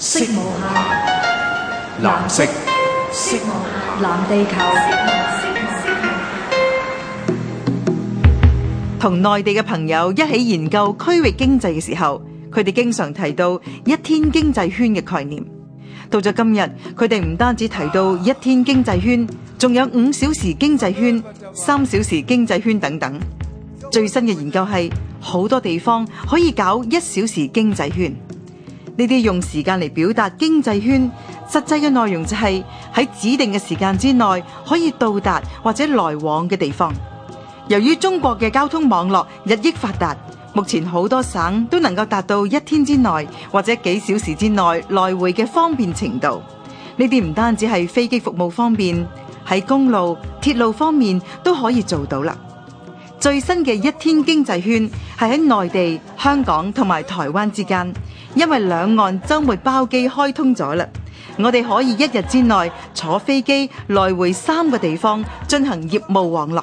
色無暇，藍色。色無暇，藍地球。同內地嘅朋友一起研究區域經濟嘅時候，佢哋經常提到一天經濟圈嘅概念。到咗今日，佢哋唔單止提到一天經濟圈，仲有五小時經濟圈、三小時經濟圈等等。最新嘅研究係，好多地方可以搞一小時經濟圈。呢啲用時間嚟表達經濟圈，實際嘅內容，就係喺指定嘅時間之內可以到達或者來往嘅地方。由於中國嘅交通網絡日益發達，目前好多省都能夠達到一天之內或者幾小時之內來回嘅方便程度。呢啲唔單止係飛機服務方便，喺公路、鐵路方面都可以做到啦。最新嘅一天經濟圈係喺內地、香港同埋台灣之間。因為兩岸周末包機開通咗啦，我哋可以一日之內坐飛機來回三個地方進行業務往來。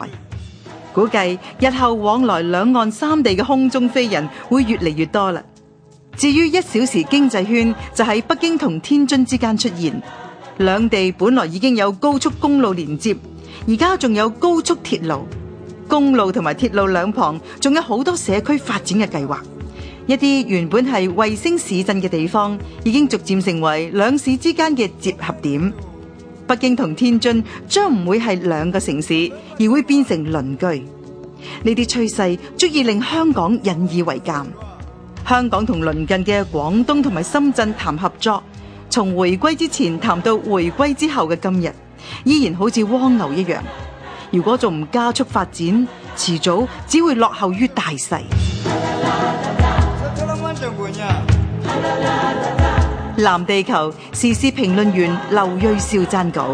估計日後往來兩岸三地嘅空中飛人會越嚟越多啦。至於一小時經濟圈，就喺北京同天津之間出現，兩地本來已經有高速公路連接，而家仲有高速鐵路。公路同埋鐵路兩旁，仲有好多社區發展嘅計劃。一啲原本係衛星市鎮嘅地方，已經逐漸成為兩市之間嘅接合點。北京同天津將唔會係兩個城市，而會變成鄰居。呢啲趨勢足以令香港引以為鑑。香港同鄰近嘅廣東同埋深圳談合作，從回歸之前談到回歸之後嘅今日，依然好似蝸牛一樣。如果仲唔加速發展，遲早只會落後於大勢。藍地球時事評論員劉銳紹撰稿。